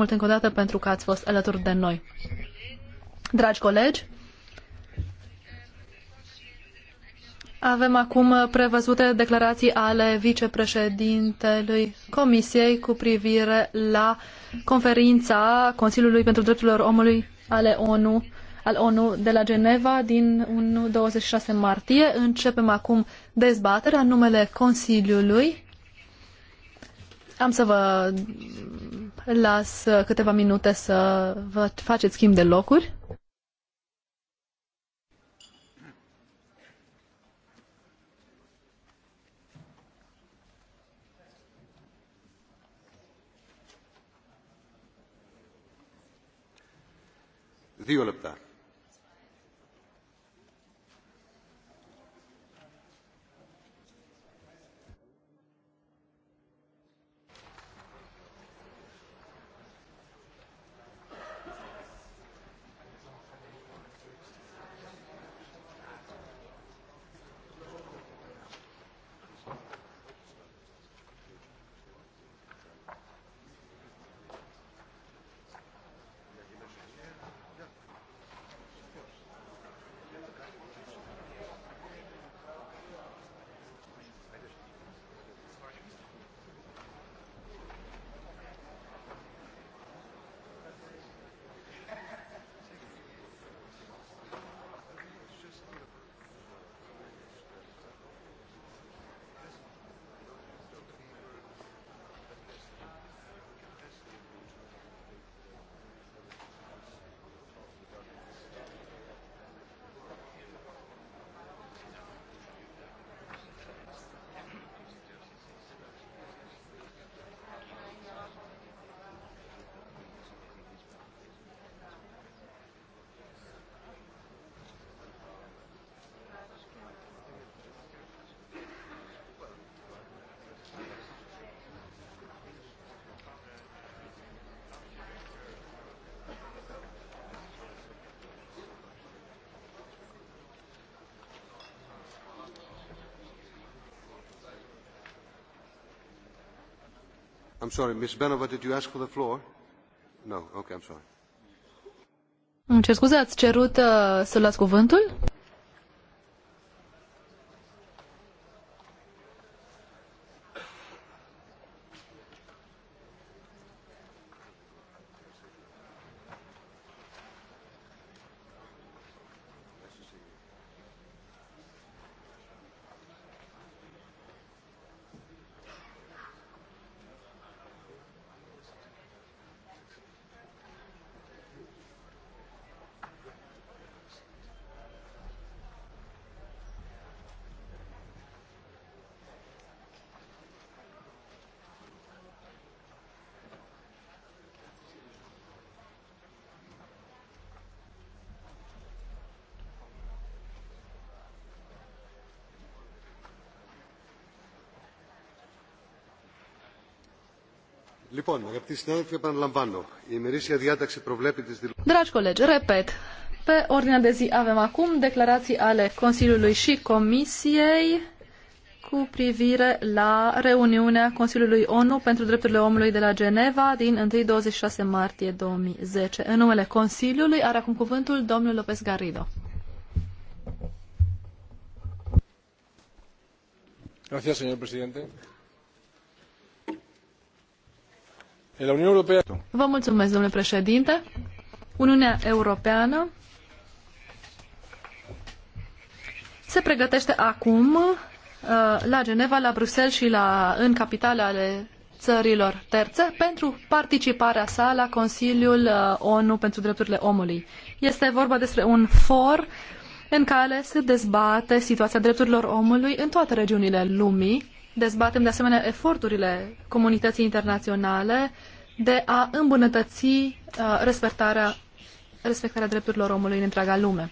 mult încă o dată pentru că ați fost alături de noi. Dragi colegi, avem acum prevăzute declarații ale vicepreședintelui Comisiei cu privire la conferința Consiliului pentru Drepturile Omului ale ONU, al ONU de la Geneva din 1, 26 martie. Începem acum dezbaterea numele Consiliului. Am să vă las câteva minute să vă faceți schimb de locuri. Δύο I'm sorry, Ms. Benova, did Îmi cer scuze, ați cerut uh, să luați cuvântul? Dragi colegi, repet, pe ordinea de zi avem acum declarații ale Consiliului și Comisiei cu privire la reuniunea Consiliului ONU pentru Drepturile Omului de la Geneva din 1 șase martie zece În numele Consiliului are acum cuvântul domnul López Garrido. Gracias, señor presidente. Vă mulțumesc, domnule președinte. Uniunea Europeană se pregătește acum uh, la Geneva, la Bruxelles și la, în capitale ale țărilor terțe pentru participarea sa la Consiliul uh, ONU pentru Drepturile Omului. Este vorba despre un for în care se dezbate situația drepturilor omului în toate regiunile lumii Dezbatem de asemenea eforturile comunității internaționale de a îmbunătăți uh, respectarea, respectarea drepturilor omului în întreaga lume.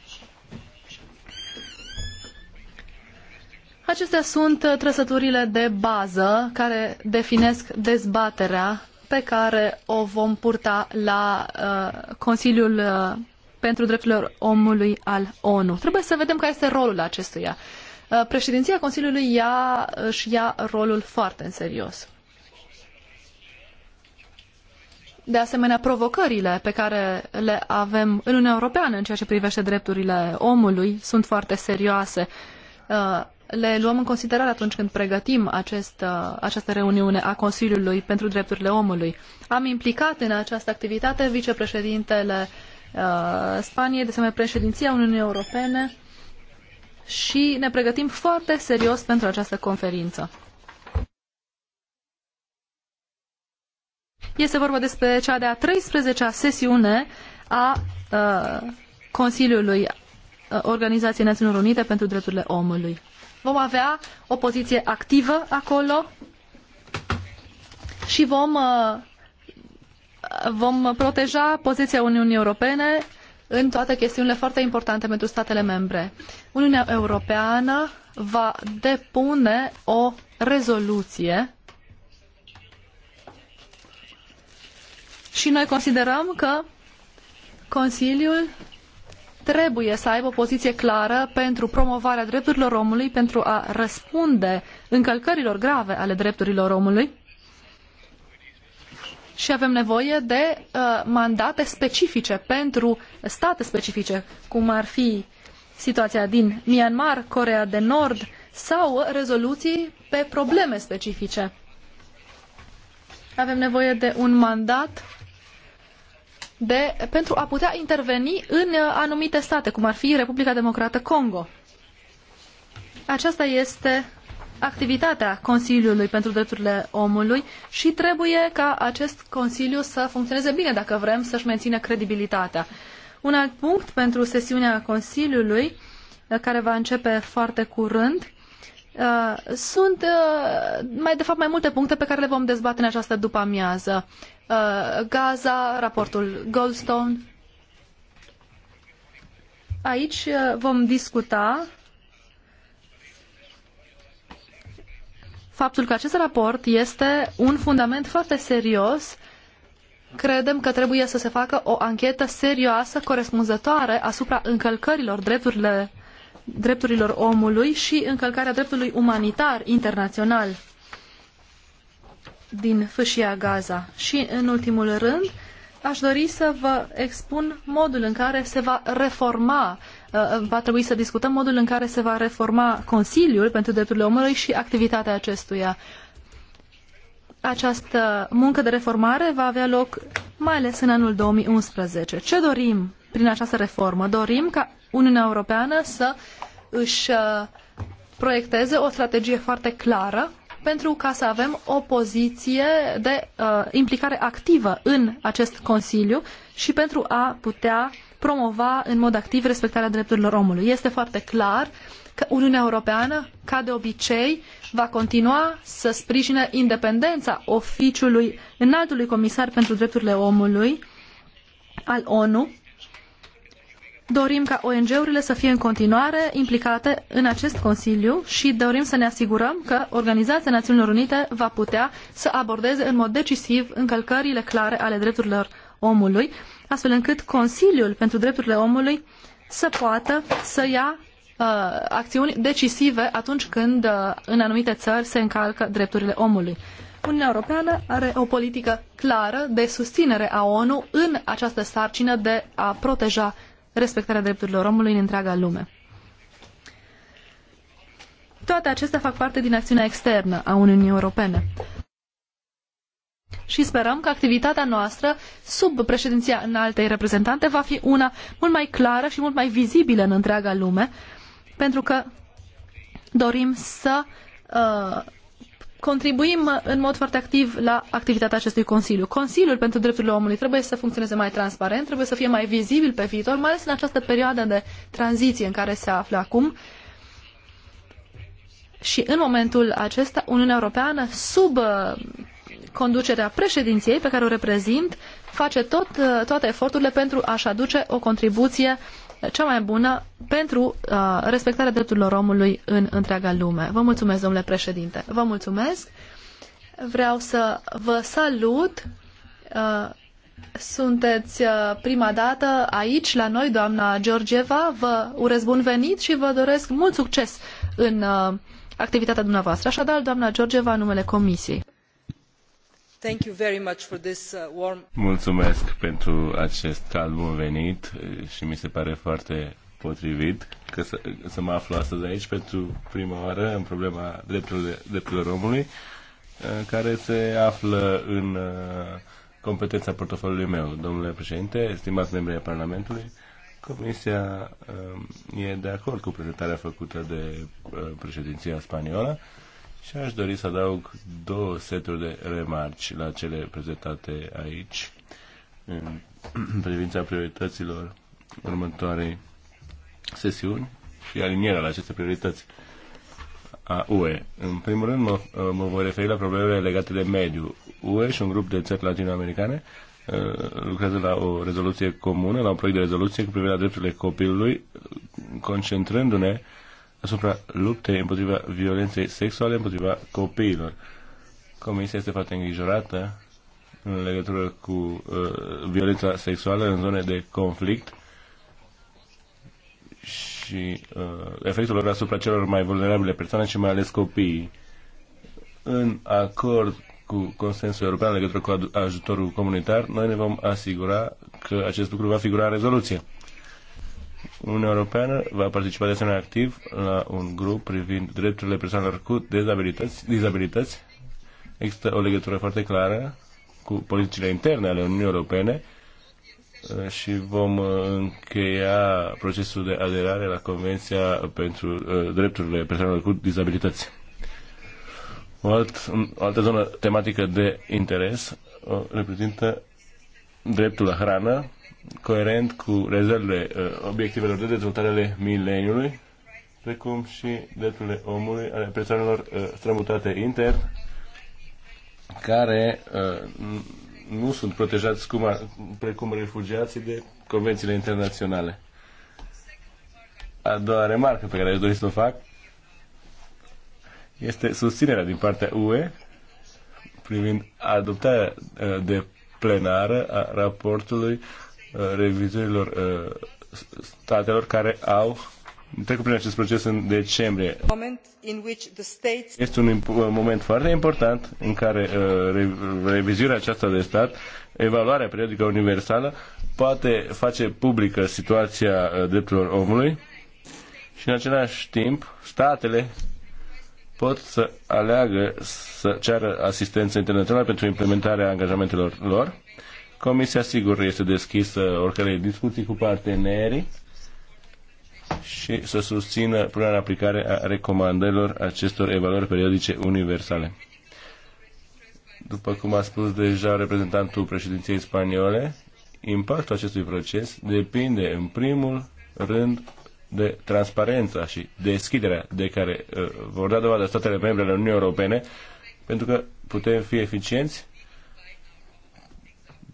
Acestea sunt uh, trăsăturile de bază care definesc dezbaterea pe care o vom purta la uh, Consiliul uh, pentru Drepturile Omului al ONU. Trebuie să vedem care este rolul acestuia. Uh, președinția Consiliului ia, își ia rolul foarte în serios. De asemenea, provocările pe care le avem în Uniunea Europeană în ceea ce privește drepturile omului sunt foarte serioase. Uh, le luăm în considerare atunci când pregătim acest, uh, această reuniune a Consiliului pentru Drepturile Omului. Am implicat în această activitate vicepreședintele Spaniei, de asemenea președinția Uniunii Europene, și ne pregătim foarte serios pentru această conferință. Este vorba despre cea de-a 13-a sesiune a uh, Consiliului uh, Organizației Națiunilor Unite pentru Drepturile Omului. Vom avea o poziție activă acolo și vom, uh, vom proteja poziția Uniunii Europene în toate chestiunile foarte importante pentru statele membre. Uniunea Europeană va depune o rezoluție și noi considerăm că Consiliul trebuie să aibă o poziție clară pentru promovarea drepturilor omului, pentru a răspunde încălcărilor grave ale drepturilor omului și avem nevoie de uh, mandate specifice pentru state specifice, cum ar fi situația din Myanmar, Corea de Nord sau rezoluții pe probleme specifice. Avem nevoie de un mandat de, pentru a putea interveni în anumite state, cum ar fi Republica Democrată Congo. Aceasta este activitatea Consiliului pentru Drepturile Omului și trebuie ca acest Consiliu să funcționeze bine dacă vrem să-și mențină credibilitatea. Un alt punct pentru sesiunea Consiliului, care va începe foarte curând, uh, sunt uh, mai de fapt mai multe puncte pe care le vom dezbate în această după-amiază. Uh, Gaza, raportul Goldstone. Aici vom discuta faptul că acest raport este un fundament foarte serios. Credem că trebuie să se facă o anchetă serioasă, corespunzătoare asupra încălcărilor drepturile, drepturilor omului și încălcarea dreptului umanitar internațional din fâșia Gaza. Și, în ultimul rând, aș dori să vă expun modul în care se va reforma, uh, uh, va trebui să discutăm modul în care se va reforma Consiliul pentru Drepturile Omului și activitatea acestuia. Această muncă de reformare va avea loc mai ales în anul 2011. Ce dorim prin această reformă? Dorim ca Uniunea Europeană să își uh, proiecteze o strategie foarte clară pentru ca să avem o poziție de uh, implicare activă în acest Consiliu și pentru a putea promova în mod activ respectarea drepturilor omului. Este foarte clar că Uniunea Europeană, ca de obicei, va continua să sprijine independența oficiului înaltului comisar pentru drepturile omului al ONU Dorim ca ONG-urile să fie în continuare implicate în acest Consiliu și dorim să ne asigurăm că Organizația Națiunilor Unite va putea să abordeze în mod decisiv încălcările clare ale drepturilor omului, astfel încât Consiliul pentru Drepturile Omului să poată să ia uh, acțiuni decisive atunci când uh, în anumite țări se încalcă drepturile omului. Uniunea Europeană are o politică clară de susținere a ONU în această sarcină de a proteja respectarea drepturilor omului în întreaga lume. Toate acestea fac parte din acțiunea externă a Uniunii Europene. Și sperăm că activitatea noastră sub președinția înaltei reprezentante va fi una mult mai clară și mult mai vizibilă în întreaga lume, pentru că dorim să uh, contribuim în mod foarte activ la activitatea acestui Consiliu. Consiliul pentru Drepturile Omului trebuie să funcționeze mai transparent, trebuie să fie mai vizibil pe viitor, mai ales în această perioadă de tranziție în care se află acum. Și în momentul acesta, Uniunea Europeană, sub uh, conducerea președinției pe care o reprezint, face tot, uh, toate eforturile pentru a-și aduce o contribuție cea mai bună pentru uh, respectarea drepturilor omului în întreaga lume. Vă mulțumesc, domnule președinte. Vă mulțumesc. Vreau să vă salut. Uh, sunteți uh, prima dată aici la noi, doamna Georgieva. Vă urez bun venit și vă doresc mult succes în uh, activitatea dumneavoastră. Așadar, doamna Georgieva, numele Comisiei. Thank you very much for this uh, warm... Mulțumesc pentru acest cald bun venit uh, și mi se pare foarte potrivit că să, să mă aflu astăzi aici pentru prima oară în problema drepturilor, omului uh, care se află în competența portofoliului meu. Domnule președinte, stimați membri ai Parlamentului, Comisia um, e de acord cu prezentarea făcută de președinția spaniolă și aș dori să adaug două seturi de remarci la cele prezentate aici în privința priorităților următoarei sesiuni și alinierea la aceste priorități a UE. În primul rând mă, mă voi referi la problemele legate de mediu. UE și un grup de țări latinoamericane uh, lucrează la o rezoluție comună, la un proiect de rezoluție cu privire la drepturile copilului, concentrându-ne uh, asupra luptei împotriva violenței sexuale împotriva copiilor. Comisia este foarte îngrijorată în legătură cu uh, violența sexuală în zone de conflict și uh, efectul lor asupra celor mai vulnerabile persoane și mai ales copiii. În acord cu consensul european în legătură cu ajutorul comunitar, noi ne vom asigura că acest lucru va figura în rezoluție. Uniunea Europeană va participa de asemenea activ la un grup privind drepturile persoanelor cu dezabilități. dizabilități. Există o legătură foarte clară cu politicile interne ale Uniunii Europene uh, și vom uh, încheia procesul de aderare la Convenția pentru uh, drepturile persoanelor cu dizabilități. O, alt, o altă zonă tematică de interes reprezintă dreptul la hrană, coerent cu rezervele uh, obiectivelor de dezvoltare ale mileniului, precum și drepturile omului ale persoanelor uh, strămutate inter, care uh, nu sunt protejați cum ar, precum refugiații de convențiile internaționale. A doua remarcă pe care aș dori să o fac este susținerea din partea UE privind adoptarea de plenară a raportului uh, revizorilor uh, statelor care au trecut prin acest proces în decembrie. Este un moment foarte important în care uh, revizuirea aceasta de stat, evaluarea periodică universală, poate face publică situația drepturilor omului și în același timp statele pot să aleagă să ceară asistență internațională pentru implementarea angajamentelor lor. Comisia, sigur, este deschisă oricărei discuții cu partenerii și să susțină până în aplicare a recomandărilor acestor evaluări periodice universale. După cum a spus deja reprezentantul președinției spaniole, impactul acestui proces depinde în primul rând de transparență și deschiderea de care uh, vor da dovadă statele membre ale Uniunii Europene, pentru că putem fi eficienți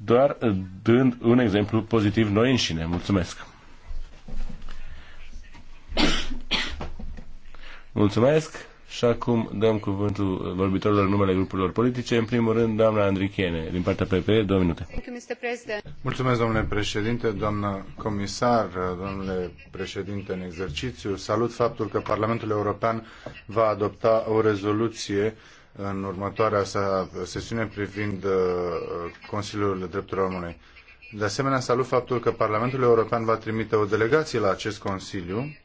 doar dând un exemplu pozitiv noi înșine. Mulțumesc! Mulțumesc! Și acum dăm cuvântul vorbitorilor numele grupurilor politice. În primul rând, doamna Andrichiene, din partea PP, două minute. Mulțumesc, domnule președinte, doamna comisar, domnule președinte în exercițiu. Salut faptul că Parlamentul European va adopta o rezoluție în următoarea sa sesiune privind uh, Consiliul Drepturilor Omului. De asemenea, salut faptul că Parlamentul European va trimite o delegație la acest Consiliu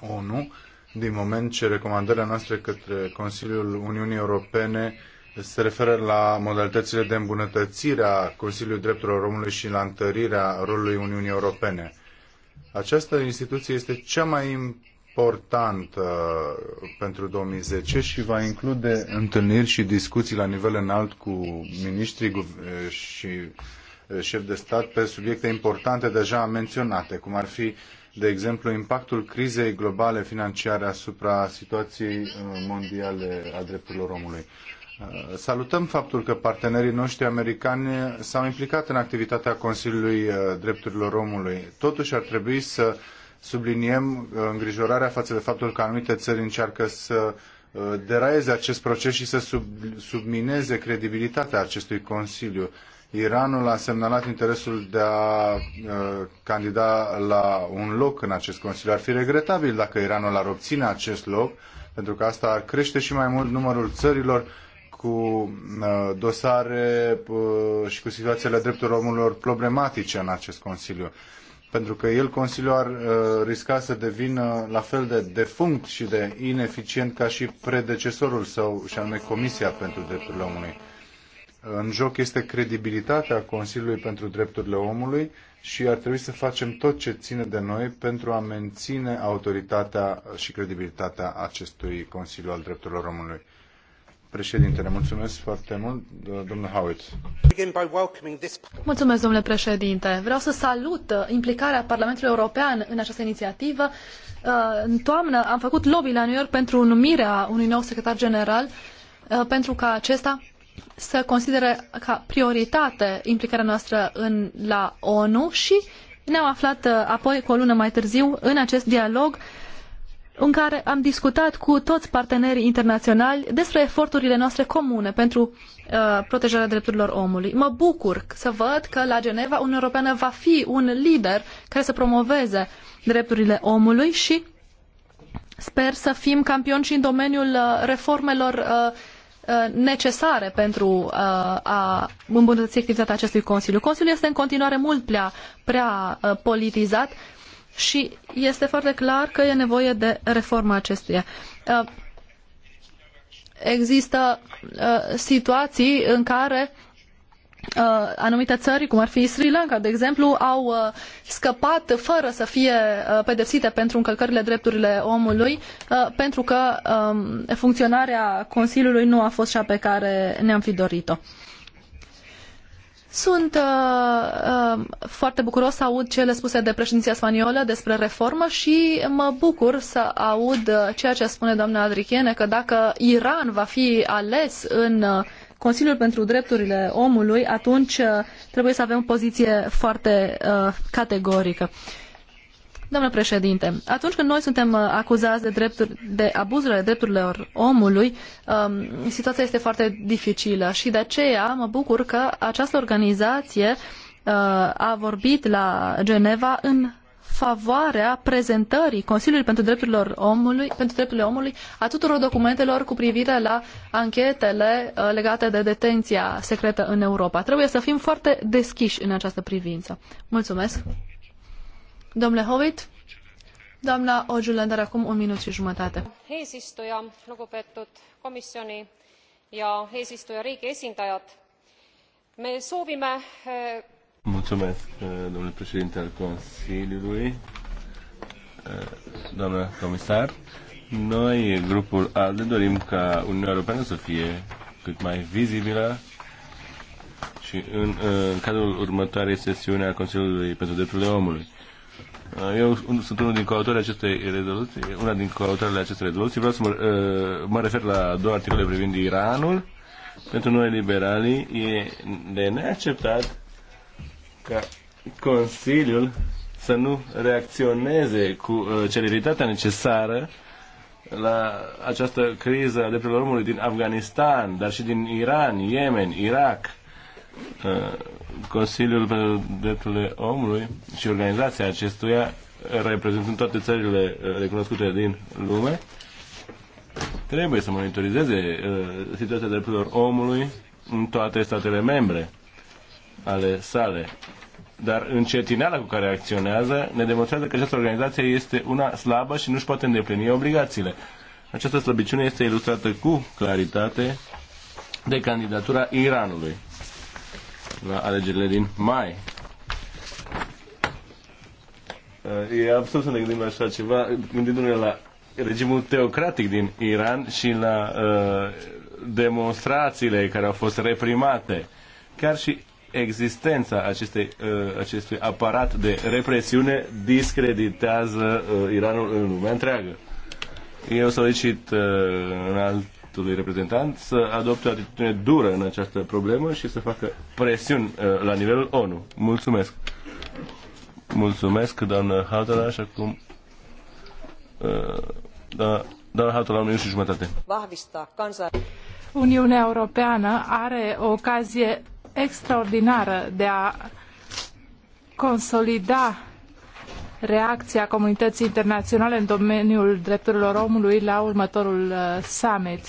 ONU din moment ce recomandările noastre către Consiliul Uniunii Europene se referă la modalitățile de îmbunătățire a Consiliului Drepturilor Omului și la întărirea rolului Uniunii Europene. Această instituție este cea mai importantă uh, pentru 2010 și va include întâlniri și discuții la nivel înalt cu miniștrii uh, și uh, șefi de stat pe subiecte importante deja menționate, cum ar fi de exemplu, impactul crizei globale financiare asupra situației uh, mondiale a drepturilor omului. Uh, salutăm faptul că partenerii noștri americani s-au implicat în activitatea Consiliului uh, Drepturilor Omului. Totuși ar trebui să subliniem îngrijorarea față de faptul că anumite țări încearcă să deraieze acest proces și să sub, submineze credibilitatea acestui Consiliu. Iranul a semnalat interesul de a uh, candida la un loc în acest Consiliu. Ar fi regretabil dacă Iranul ar obține acest loc, pentru că asta ar crește și mai mult numărul țărilor cu uh, dosare uh, și cu situațiile drepturilor omului problematice în acest Consiliu. Pentru că el, Consiliul, ar uh, risca să devină la fel de defunct și de ineficient ca și predecesorul său, și anume Comisia pentru Drepturile Omului în joc este credibilitatea Consiliului pentru Drepturile Omului și ar trebui să facem tot ce ține de noi pentru a menține autoritatea și credibilitatea acestui Consiliu al Drepturilor Omului. Președintele, mulțumesc foarte mult, domnul Howitt. Mulțumesc, domnule președinte. Vreau să salut uh, implicarea Parlamentului European în această inițiativă. Uh, în toamnă am făcut lobby la New York pentru numirea unui nou secretar general, uh, pentru ca acesta să considere ca prioritate implicarea noastră în, la ONU și ne-am aflat uh, apoi cu o lună mai târziu în acest dialog în care am discutat cu toți partenerii internaționali despre eforturile noastre comune pentru uh, protejarea drepturilor omului. Mă bucur să văd că la Geneva Uniunea Europeană va fi un lider care să promoveze drepturile omului și sper să fim campioni și în domeniul uh, reformelor uh, Uh, necesare pentru uh, a îmbunătăți activitatea acestui Consiliu. Consiliul este în continuare mult prea, prea uh, politizat și este foarte clar că e nevoie de reforma acestuia. Există situații în care Uh, anumite țări, cum ar fi Sri Lanka, de exemplu, au uh, scăpat fără să fie uh, pedepsite pentru încălcările drepturile omului, pentru că um, funcționarea Consiliului nu a fost cea pe care ne-am fi dorit-o. Sunt uh, uh, foarte bucuros să aud cele spuse de președinția spaniolă despre reformă și mă bucur să aud ceea ce spune doamna Adrichiene, că dacă Iran va fi ales în Consiliul pentru Drepturile Omului, atunci uh, trebuie să avem o poziție foarte uh, categorică. Domnule președinte, atunci când noi suntem uh, acuzați de, drepturi, de abuzurile drepturilor omului, um, situația este foarte dificilă și de aceea mă bucur că această organizație uh, a vorbit la Geneva în favoarea prezentării Consiliului pentru Drepturile Omului, pentru Drepturile Omului a tuturor documentelor cu privire la anchetele uh, legate de detenția secretă în Europa. Trebuie să fim foarte deschiși în această privință. Mulțumesc. Domnule Howitt, doamna Ogiulander, acum un minut și jumătate. Eesistuja, lugupeetud komisjoni ja eesistujariigi esindajad. Me soovime eh, Mulțumesc, uh, domnule președinte al Consiliului, uh, doamna comisar. Noi, grupul ALDE, dorim ca Uniunea Europeană să fie cât mai vizibilă și în, uh, în cadrul următoarei sesiuni a Consiliului pentru Drepturile Omului. Eu sunt unul din coautorii acestei rezoluții, una din coautorile acestei rezoluții. Vreau să mă, mă refer la două articole privind Iranul. Pentru noi liberalii e de neacceptat ca Consiliul să nu reacționeze cu uh, celeritatea necesară la această criză de drepturilor omului din Afganistan, dar și din Iran, Yemen, Irak. Uh, Consiliul pentru Drepturile Omului și organizația acestuia, reprezentând toate țările uh, recunoscute din lume, trebuie să monitorizeze situația drepturilor omului în toate statele membre ale sale. Dar încetineala cu care acționează ne demonstrează că această organizație este una slabă și nu își poate îndeplini obligațiile. Această slăbiciune este ilustrată cu claritate de candidatura Iranului la alegerile din mai. E absurd să ne gândim la așa ceva, gândindu-ne la regimul teocratic din Iran și la uh, demonstrațiile care au fost reprimate. Chiar și existența acestei, uh, acestui aparat de represiune discreditează uh, Iranul în lumea întreagă. Eu solicit uh, în altului reprezentant să adopte o atitudine dură în această problemă și să facă presiuni la nivelul ONU. Mulțumesc! Mulțumesc, doamnă Hautala, așa acum da, doamnă la un minut și jumătate. Uniunea Europeană are o ocazie extraordinară de a consolida reacția comunității internaționale în domeniul drepturilor omului la următorul uh, summit.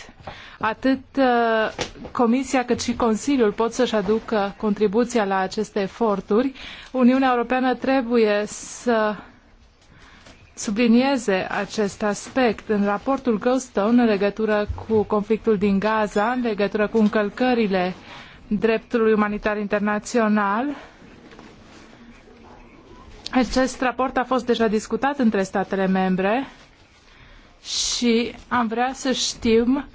Atât uh, Comisia cât și Consiliul pot să-și aducă contribuția la aceste eforturi. Uniunea Europeană trebuie să sublinieze acest aspect în raportul Goldstone în legătură cu conflictul din Gaza, în legătură cu încălcările uh, dreptului umanitar internațional. Acest raport a fost deja discutat între statele membre și am vrea să știm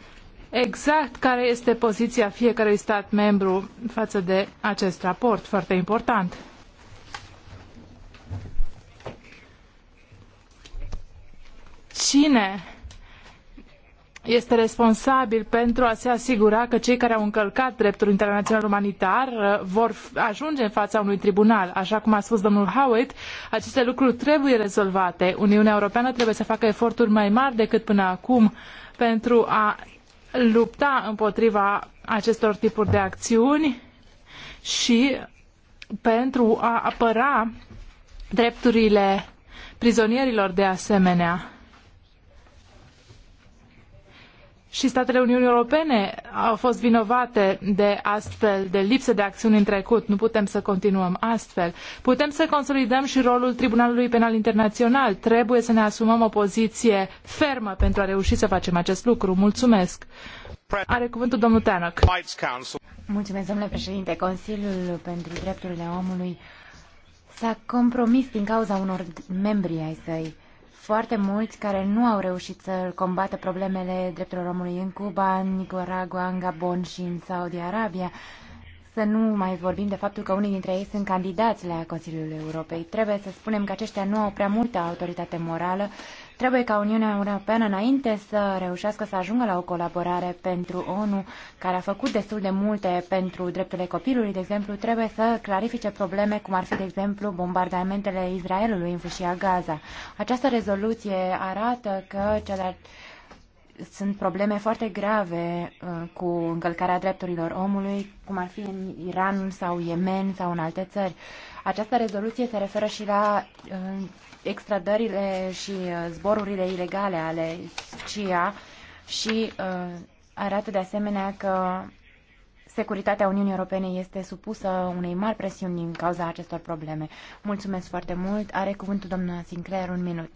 exact care este poziția fiecărui stat membru față de acest raport foarte important. Cine este responsabil pentru a se asigura că cei care au încălcat dreptul internațional umanitar uh, vor ajunge în fața unui tribunal. Așa cum a spus domnul Howitt, aceste lucruri trebuie rezolvate. Uniunea Europeană trebuie să facă eforturi mai mari decât până acum pentru a lupta împotriva acestor tipuri de acțiuni și pentru a apăra drepturile prizonierilor de asemenea și statele Uniunii Europene au fost vinovate de astfel de lipsă de acțiuni în trecut. Nu putem să continuăm astfel. Putem să consolidăm și rolul Tribunalului Penal Internațional. Trebuie să ne asumăm o poziție fermă pentru a reuși să facem acest lucru. Mulțumesc. Are cuvântul domnul Tanăc. Mulțumesc, domnule președinte. Consiliul pentru Drepturile Omului s-a compromis din cauza unor membri ai săi foarte mulți care nu au reușit să combată problemele drepturilor omului în Cuba, în Nicaragua, în Gabon și în Saudi Arabia. Să nu mai vorbim de faptul că unii dintre ei sunt candidați la Consiliul Europei. Trebuie să spunem că aceștia nu au prea multă autoritate morală Trebuie ca Uniunea Europeană, înainte să reușească să ajungă la o colaborare pentru ONU, care a făcut destul de multe pentru drepturile copilului, de exemplu, trebuie să clarifice probleme cum ar fi, de exemplu, bombardamentele Israelului în fâșia Gaza. Această rezoluție arată că cele sunt probleme foarte grave uh, cu încălcarea drepturilor omului, cum ar fi în Iran sau Yemen sau în alte țări. Această rezoluție se referă și la uh, extradările și uh, zborurile ilegale ale CIA și uh, arată de asemenea că securitatea Uniunii Europene este supusă unei mari presiuni din cauza acestor probleme. Mulțumesc foarte mult. Are cuvântul doamna Sinclair un minut.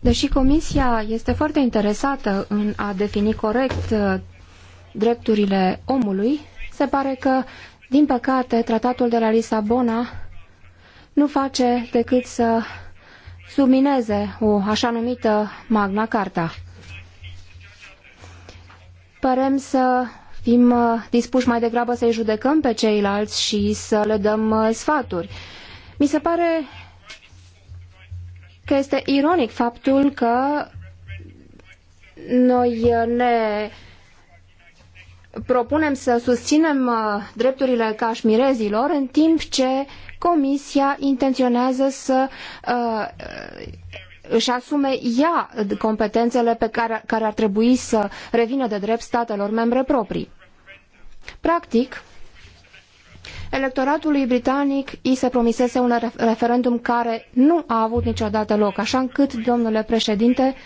Deși Comisia este foarte interesată în a defini corect uh, drepturile omului, se pare că, din păcate, tratatul de la Lisabona nu face decât să submineze o așa numită Magna Carta. Părem să fim uh, dispuși mai degrabă să-i judecăm pe ceilalți și să le dăm uh, sfaturi. Mi se pare că este ironic faptul că noi uh, ne propunem să susținem uh, drepturile cașmirezilor în timp ce Comisia intenționează să uh, își asume ea competențele pe care, care ar trebui să revină de drept statelor membre proprii. Practic, electoratului britanic i se promisese un referendum care nu a avut niciodată loc, așa încât, domnule președinte, uh,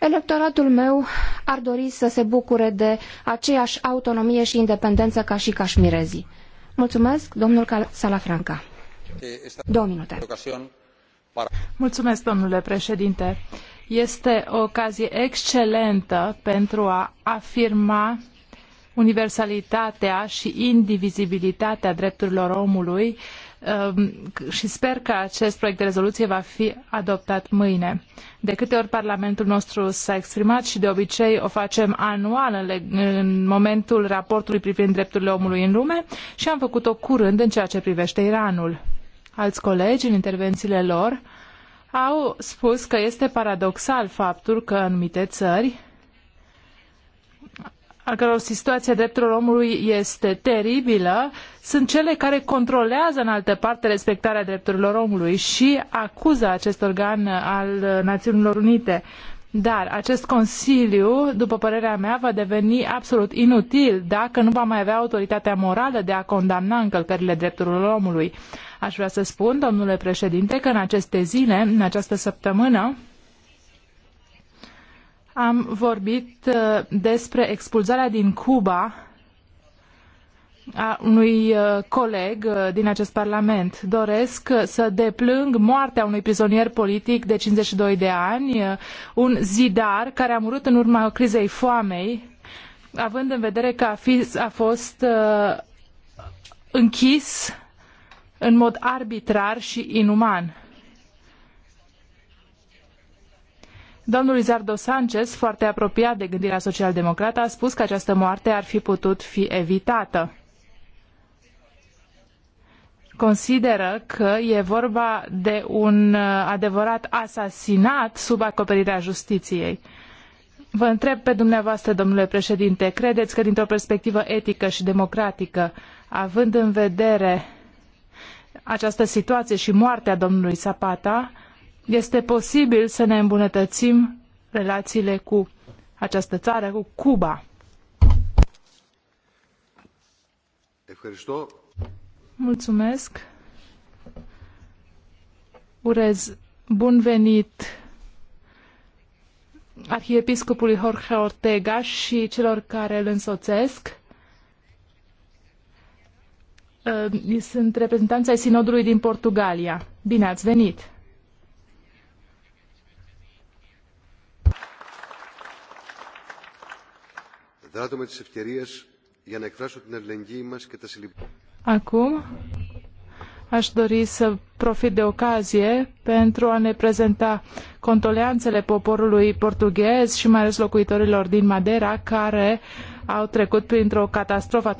Electoratul meu ar dori să se bucure de aceeași autonomie și independență ca și cașmirezii. Mulțumesc, domnul Salafranca. Două minute. Mulțumesc, domnule președinte. Este o ocazie excelentă pentru a afirma universalitatea și indivizibilitatea drepturilor omului uh, Um, și sper că acest proiect de rezoluție va fi adoptat mâine. De câte ori Parlamentul nostru s-a exprimat și de obicei o facem anual în, momentul raportului privind drepturile omului în lume și am făcut-o curând în ceea ce privește Iranul. Alți colegi, în intervențiile lor, au spus că este paradoxal faptul că anumite țări al căror situație drepturilor omului este teribilă, sunt cele care controlează în altă parte respectarea drepturilor omului și acuză acest organ al Națiunilor Unite. Dar acest Consiliu, după părerea mea, va deveni absolut inutil dacă nu va mai avea autoritatea morală de a condamna încălcările drepturilor omului. Aș vrea să spun, domnule președinte, că în aceste zile, în această săptămână, am vorbit uh, despre expulzarea din Cuba a unui uh, coleg uh, din acest parlament. Doresc să deplâng moartea unui prizonier politic de 52 de ani, un zidar care a murit în urma crizei foamei, având în vedere că a, fi, a fost închis în mod arbitrar și inuman. Domnul Lizardo Sanchez, foarte apropiat de gândirea social-democrată, a spus că această moarte ar fi putut fi evitată. Consideră că e vorba de un uh, adevărat asasinat sub acoperirea justiției. Vă întreb pe dumneavoastră, domnule președinte, credeți că dintr-o perspectivă etică și democratică, având în vedere această situație și moartea domnului Zapata, este posibil să ne îmbunătățim relațiile cu această țară, cu Cuba. Mulțumesc. Urez bun venit arhiepiscopului Jorge Ortega și celor care îl însoțesc. Sunt reprezentanța ai Sinodului din Portugalia. Bine ați venit! Acum aș dori să profit de ocazie pentru a ne prezenta condoleanțele poporului portughez și mai ales locuitorilor din Madeira care au trecut printr-o catastrofă